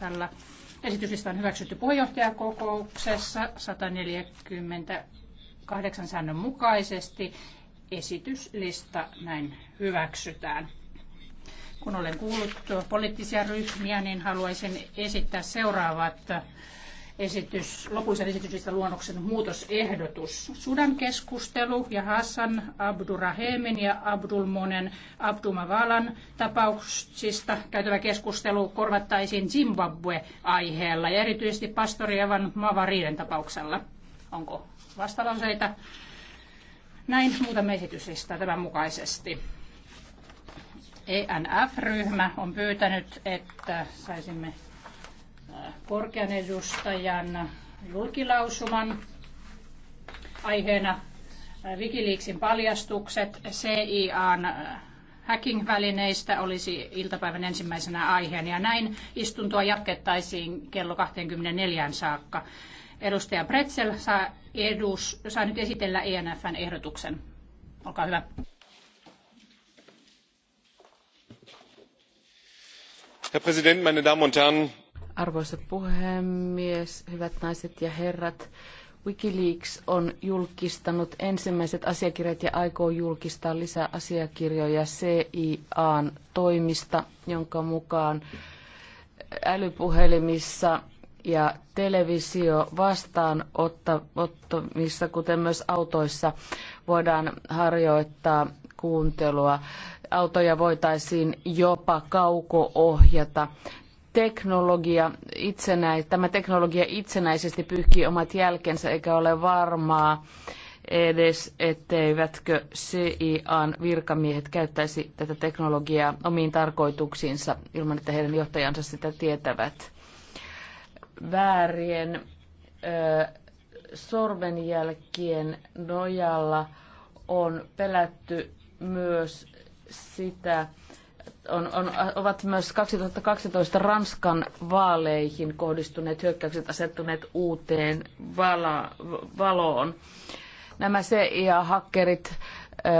Tällä Esityslista on hyväksytty puheenjohtajakokouksessa 148 säännön mukaisesti. Esityslista näin hyväksytään. Kun olen kuullut poliittisia ryhmiä, niin haluaisin esittää seuraavat esitys, lopuisen esityslista luonnoksen muutosehdotus. Sudan keskustelu ja Hassan Abdurahemin ja Abdulmonen Abdumavalan tapauksista käytävä keskustelu korvattaisiin Zimbabwe-aiheella ja erityisesti pastori Evan Mavariden tapauksella. Onko vastalauseita? Näin muutamme esityslistaa tämän mukaisesti. ENF-ryhmä on pyytänyt, että saisimme korkean edustajan julkilausuman aiheena äh, Wikileaksin paljastukset CIAn äh, hacking-välineistä olisi iltapäivän ensimmäisenä aiheena ja näin istuntoa jatkettaisiin kello 24 saakka. Edustaja Pretzel saa, edus, saa nyt esitellä ENFn ehdotuksen. Olkaa hyvä. Herr Präsident, meine Damen und Herren! Arvoisa puhemies, hyvät naiset ja herrat, Wikileaks on julkistanut ensimmäiset asiakirjat ja aikoo julkistaa lisää asiakirjoja CIAn toimista, jonka mukaan älypuhelimissa ja televisio vastaanottamissa, kuten myös autoissa, voidaan harjoittaa kuuntelua. Autoja voitaisiin jopa kauko-ohjata teknologia itsenäis, tämä teknologia itsenäisesti pyyhkii omat jälkensä eikä ole varmaa edes, etteivätkö CIAn virkamiehet käyttäisi tätä teknologiaa omiin tarkoituksiinsa ilman, että heidän johtajansa sitä tietävät. Väärien ö, sormenjälkien nojalla on pelätty myös sitä, on, on, ovat myös 2012 Ranskan vaaleihin kohdistuneet hyökkäykset asettuneet uuteen vala, valoon. Nämä CIA-hakkerit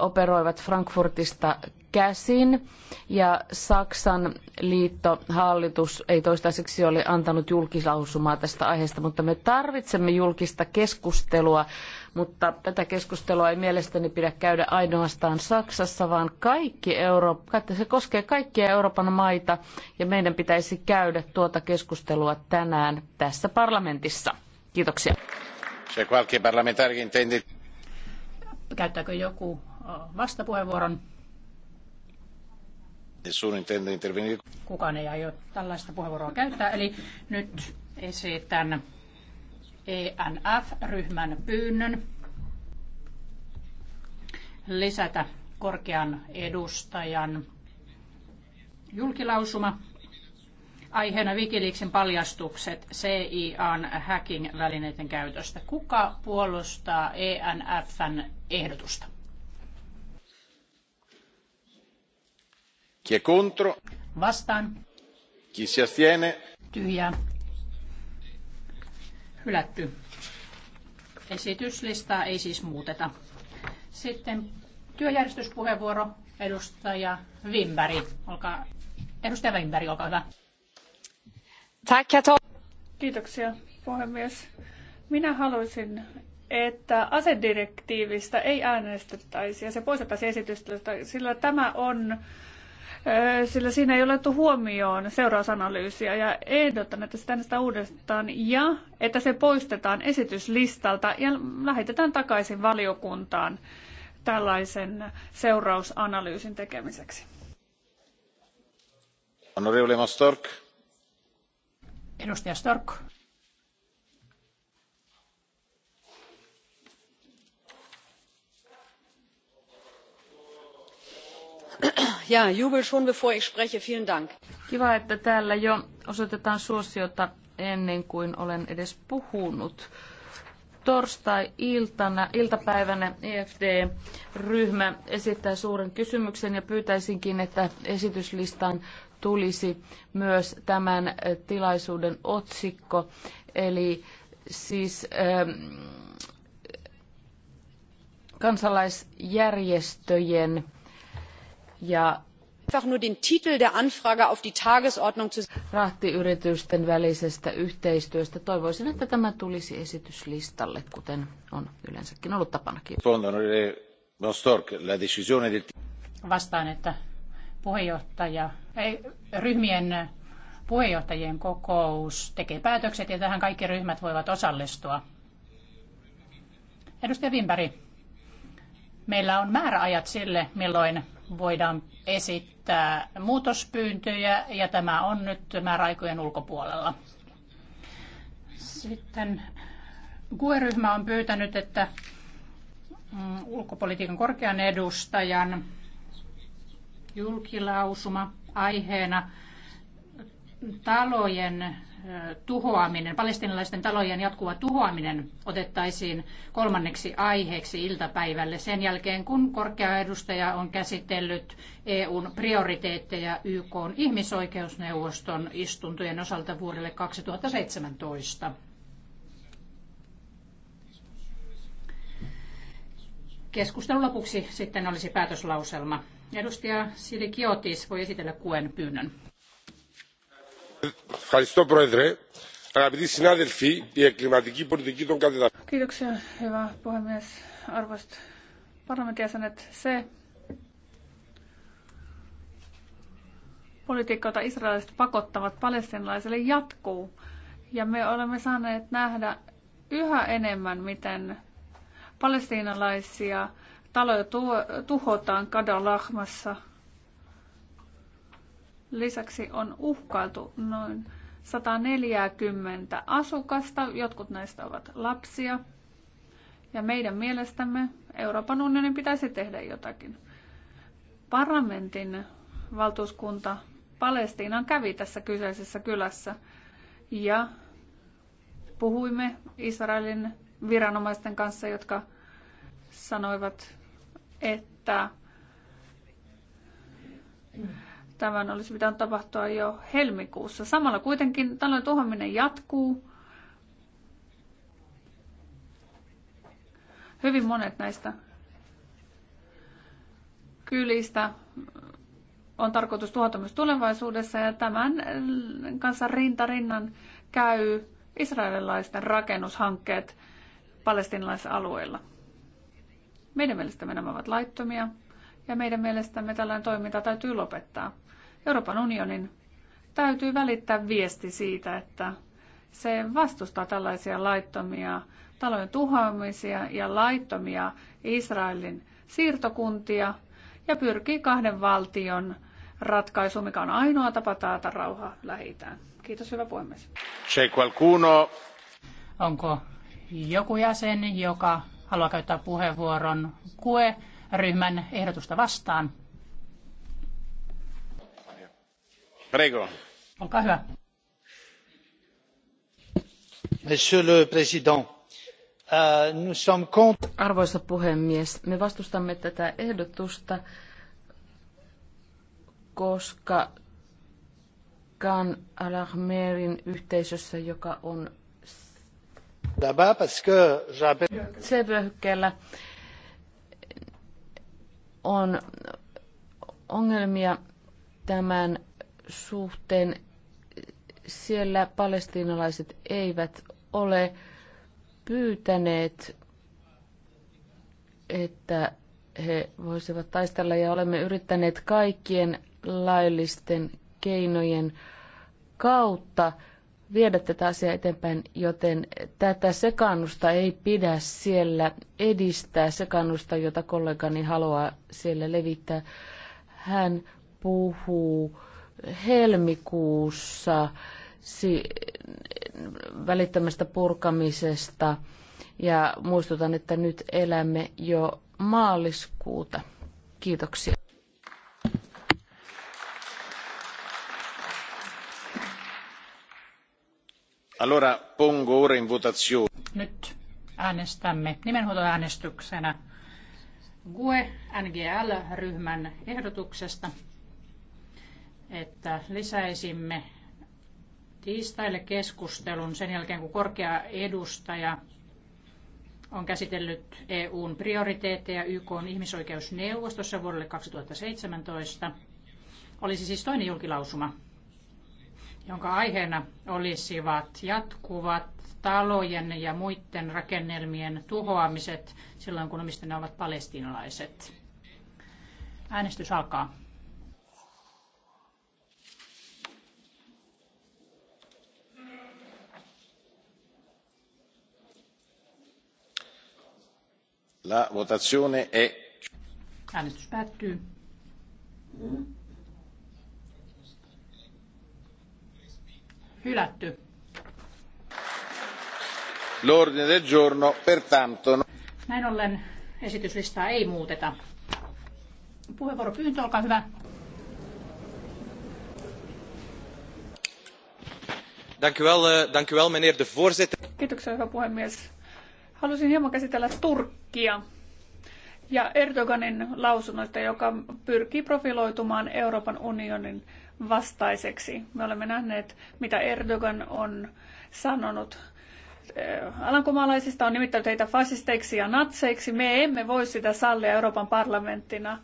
operoivat Frankfurtista käsin ja Saksan liittohallitus ei toistaiseksi ole antanut julkilausumaa tästä aiheesta, mutta me tarvitsemme julkista keskustelua, mutta tätä keskustelua ei mielestäni pidä käydä ainoastaan Saksassa, vaan kaikki Euro- se koskee kaikkia Euroopan maita ja meidän pitäisi käydä tuota keskustelua tänään tässä parlamentissa. Kiitoksia. Käyttääkö joku vastapuheenvuoron? Kukaan ei aio tällaista puheenvuoroa käyttää, eli nyt esitän ENF-ryhmän pyynnön lisätä korkean edustajan julkilausuma aiheena Wikileaksin paljastukset CIAn hacking-välineiden käytöstä. Kuka puolustaa ENFn ehdotusta? Chi è contro? Vastaan. Chi si astiene? Tyhjää. Hylätty. Esityslistaa ei siis muuteta. Sitten työjärjestyspuheenvuoro edustaja Wimberg. Olkaa, edustaja Wimberg, olkaa hyvä. Tack, Kiitoksia, puhemies. Minä haluaisin, että asedirektiivistä ei äänestettäisi ja se poistettaisiin esitystä, sillä tämä on sillä siinä ei ole otettu huomioon seurausanalyysiä ja ehdotan, että sitä näistä uudestaan ja että se poistetaan esityslistalta ja lähetetään takaisin valiokuntaan tällaisen seurausanalyysin tekemiseksi. Honorable Stork. Edustaja Stork ja, jubel schon bevor ich spreche. Vielen Dank. Kiva, että täällä jo osoitetaan suosiota ennen kuin olen edes puhunut. Torstai-iltana, iltapäivänä EFD-ryhmä esittää suuren kysymyksen ja pyytäisinkin, että esityslistan tulisi myös tämän eh, tilaisuuden otsikko, eli siis ähm, kansalaisjärjestöjen ja rahtiyritysten välisestä yhteistyöstä. Toivoisin, että tämä tulisi esityslistalle, kuten on yleensäkin ollut tapana. Kiitos. Vastaan, että puheenjohtaja, ei, ryhmien puheenjohtajien kokous tekee päätökset ja tähän kaikki ryhmät voivat osallistua. Edustaja Vimpari, meillä on määräajat sille, milloin voidaan esittää muutospyyntöjä ja tämä on nyt määräaikojen ulkopuolella. Sitten qe ryhmä on pyytänyt, että mm, ulkopolitiikan korkean edustajan julkilausuma aiheena talojen tuhoaminen, palestinalaisten talojen jatkuva tuhoaminen otettaisiin kolmanneksi aiheeksi iltapäivälle sen jälkeen, kun korkea edustaja on käsitellyt EUn prioriteetteja YK ihmisoikeusneuvoston istuntojen osalta vuodelle 2017. Keskustelun lopuksi sitten olisi päätöslauselma. Edustaja Sili Kiotis voi esitellä kuen pyynnön. Ευχαριστώ, Πρόεδρε. Αγαπητοί συνάδελφοι, η εγκληματική πολιτική των κατεδαφών. Kiitoksia, hyvä puhemies. Arvoisat parlamentin jäsenet, se politiikka, jota israelilaiset pakottavat palestinalaisille, jatkuu. Ja me olemme saaneet nähdä yhä enemmän, miten palestiinalaisia taloja tuhotaan Kadalahmassa – Lisäksi on uhkailtu noin 140 asukasta, jotkut näistä ovat lapsia. Ja meidän mielestämme Euroopan unionin pitäisi tehdä jotakin. Parlamentin valtuuskunta Palestiinaan kävi tässä kyseisessä kylässä ja puhuimme Israelin viranomaisten kanssa, jotka sanoivat, että Tämän olisi pitänyt tapahtua jo helmikuussa. Samalla kuitenkin talouden tuhoaminen jatkuu. Hyvin monet näistä kylistä on tarkoitus tuhota myös tulevaisuudessa ja tämän kanssa rintarinnan käy israelilaisten rakennushankkeet palestinalaisalueilla. Meidän mielestämme nämä ovat laittomia ja meidän mielestämme tällainen toiminta täytyy lopettaa. Euroopan unionin täytyy välittää viesti siitä, että se vastustaa tällaisia laittomia talojen tuhoamisia ja laittomia Israelin siirtokuntia ja pyrkii kahden valtion ratkaisu, mikä on ainoa tapa taata rauha lähitään. Kiitos, hyvä puhemies. Onko joku jäsen, joka haluaa käyttää puheenvuoron QE-ryhmän ehdotusta vastaan? monsieur le président euh, nous sommes contre. arvoisa puhemies me vastustamme tätä ehdotusta koska khan al ahmarin yhteisössä joka on se vyöhykkeellä on ongelmia tämän suhteen. Siellä palestiinalaiset eivät ole pyytäneet, että he voisivat taistella ja olemme yrittäneet kaikkien laillisten keinojen kautta viedä tätä asiaa eteenpäin, joten tätä sekannusta ei pidä siellä edistää, sekannusta, jota kollegani haluaa siellä levittää. Hän puhuu helmikuussa si- välittämästä purkamisesta ja muistutan, että nyt elämme jo maaliskuuta. Kiitoksia. Allora pongo ora in votazione. Nyt äänestämme nimenhuutoäänestyksenä GUE NGL-ryhmän ehdotuksesta että lisäisimme tiistaille keskustelun sen jälkeen, kun korkea edustaja on käsitellyt EUn prioriteetteja YK on ihmisoikeusneuvostossa vuodelle 2017. Olisi siis toinen julkilausuma, jonka aiheena olisivat jatkuvat talojen ja muiden rakennelmien tuhoamiset silloin, kun omistajana ovat palestiinalaiset. Äänestys alkaa. La votazione è... Äänestys päättyy. Hylätty. L'ordine del giorno, pertanto... Näin ollen esityslistaa ei muuteta. Puheenvuoropyyntö, olkaa hyvä. Dank u wel, eh, dank u wel, meneer de voorzitter. Kiitoksia, hyvä puhemies. Haluaisin hieman käsitellä Turkkia ja Erdoganin lausunnoista, joka pyrkii profiloitumaan Euroopan unionin vastaiseksi. Me olemme nähneet, mitä Erdogan on sanonut äh, alankomaalaisista, on nimittänyt heitä fasisteiksi ja natseiksi. Me emme voi sitä sallia Euroopan parlamenttina.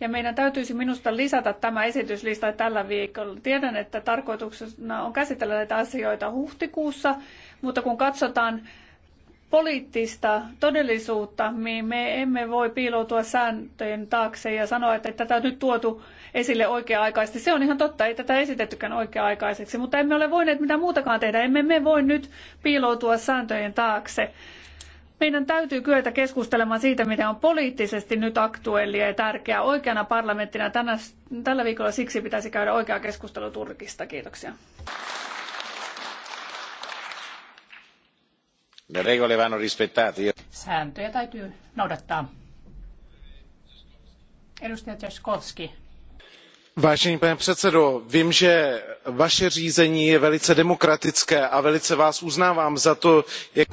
Ja meidän täytyisi minusta lisätä tämä esityslista tällä viikolla. Tiedän, että tarkoituksena on käsitellä näitä asioita huhtikuussa, mutta kun katsotaan poliittista todellisuutta, niin me emme voi piiloutua sääntöjen taakse ja sanoa, että tätä on nyt tuotu esille oikea-aikaisesti. Se on ihan totta, ei tätä esitettykään oikea-aikaiseksi, mutta emme ole voineet mitään muutakaan tehdä. Emme me voi nyt piiloutua sääntöjen taakse. Meidän täytyy kyetä keskustelemaan siitä, mitä on poliittisesti nyt aktuellia ja tärkeää oikeana parlamenttina. Tänä, tällä viikolla siksi pitäisi käydä oikea keskustelu Turkista. Kiitoksia. Le regole vanno rispettate. Sääntöjä täytyy noudattaa. Edustaja Tchaskovski. Vážený pane předsedo, vím, že vaše řízení je velice demokratické a velice vás uznávám za to, jak...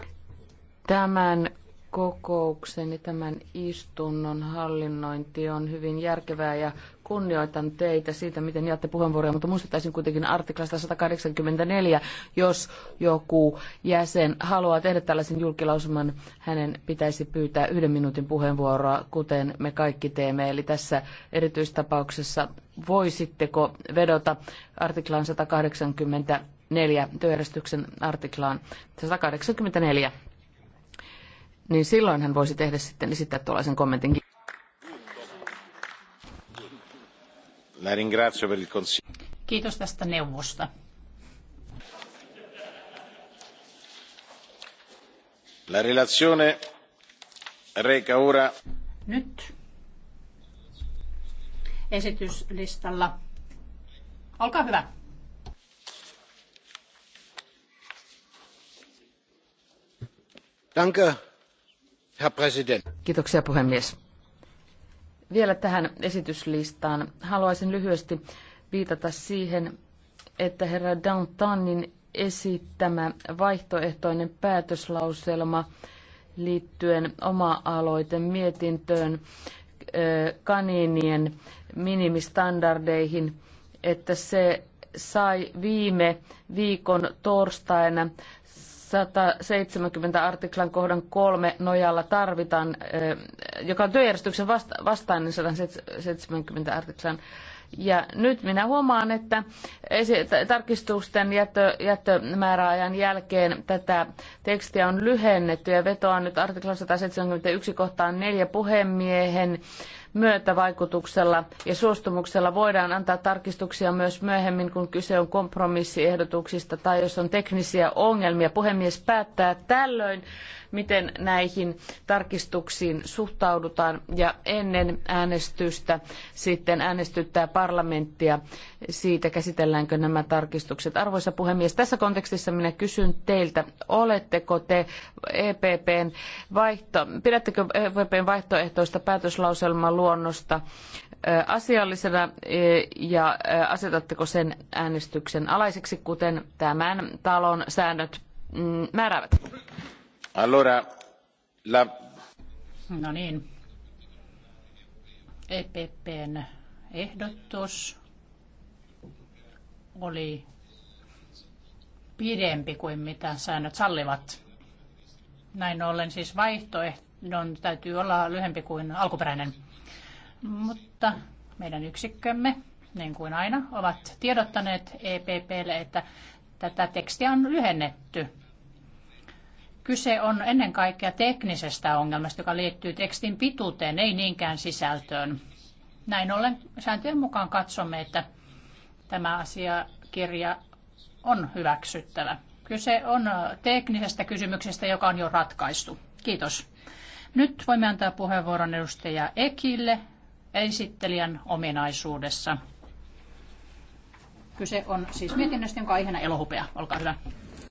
Tämän kokouksen tämän istunnon hallinnointi on hyvin järkevää ja kunnioitan teitä siitä, miten jaatte puheenvuoroja, mutta muistuttaisin kuitenkin artiklasta 184, jos joku jäsen haluaa tehdä tällaisen julkilausuman, hänen pitäisi pyytää yhden minuutin puheenvuoroa, kuten me kaikki teemme. Eli tässä erityistapauksessa voisitteko vedota artiklaan 184 työjärjestyksen artiklaan 184 niin silloin hän voisi tehdä sitten esittää tuollaisen kommentin. Kiitos tästä neuvosta. La relazione reca ora. Nyt esityslistalla. Olkaa hyvä. Danke, Kiitoksia puhemies. Vielä tähän esityslistaan. Haluaisin lyhyesti viitata siihen, että herra Dantanin esittämä vaihtoehtoinen päätöslauselma liittyen oma-aloite mietintöön kaniinien minimistandardeihin, että se sai viime viikon torstaina 170 artiklan kohdan kolme nojalla tarvitaan, joka on työjärjestyksen vasta- vastainen 170 artiklan. Ja nyt minä huomaan, että tarkistusten jättö, jättömääräajan jälkeen tätä tekstiä on lyhennetty ja vetoan nyt artiklan 171 kohtaan neljä puhemiehen myötävaikutuksella ja suostumuksella voidaan antaa tarkistuksia myös myöhemmin, kun kyse on kompromissiehdotuksista tai jos on teknisiä ongelmia. Puhemies päättää tällöin, miten näihin tarkistuksiin suhtaudutaan ja ennen äänestystä sitten äänestyttää parlamenttia siitä, käsitelläänkö nämä tarkistukset. Arvoisa puhemies, tässä kontekstissa minä kysyn teiltä, oletteko te EPPn vaihto, pidättekö EPPn vaihtoehtoista päätöslauselmaa luonnosta asiallisena ja asetatteko sen äänestyksen alaiseksi, kuten tämän talon säännöt mm, määräävät? Allora, la... No niin. EPPn ehdotus oli pidempi kuin mitä säännöt sallivat. Näin ollen siis vaihtoehdon täytyy olla lyhempi kuin alkuperäinen. Mutta meidän yksikkömme, niin kuin aina, ovat tiedottaneet EPPlle, että tätä tekstiä on lyhennetty. Kyse on ennen kaikkea teknisestä ongelmasta, joka liittyy tekstin pituuteen, ei niinkään sisältöön. Näin ollen sääntöjen mukaan katsomme, että tämä asiakirja on hyväksyttävä. Kyse on teknisestä kysymyksestä, joka on jo ratkaistu. Kiitos. Nyt voimme antaa puheenvuoron edustaja Ekille esittelijän ominaisuudessa. Kyse on siis mietinnöstä, jonka aiheena elohupea. Olkaa hyvä.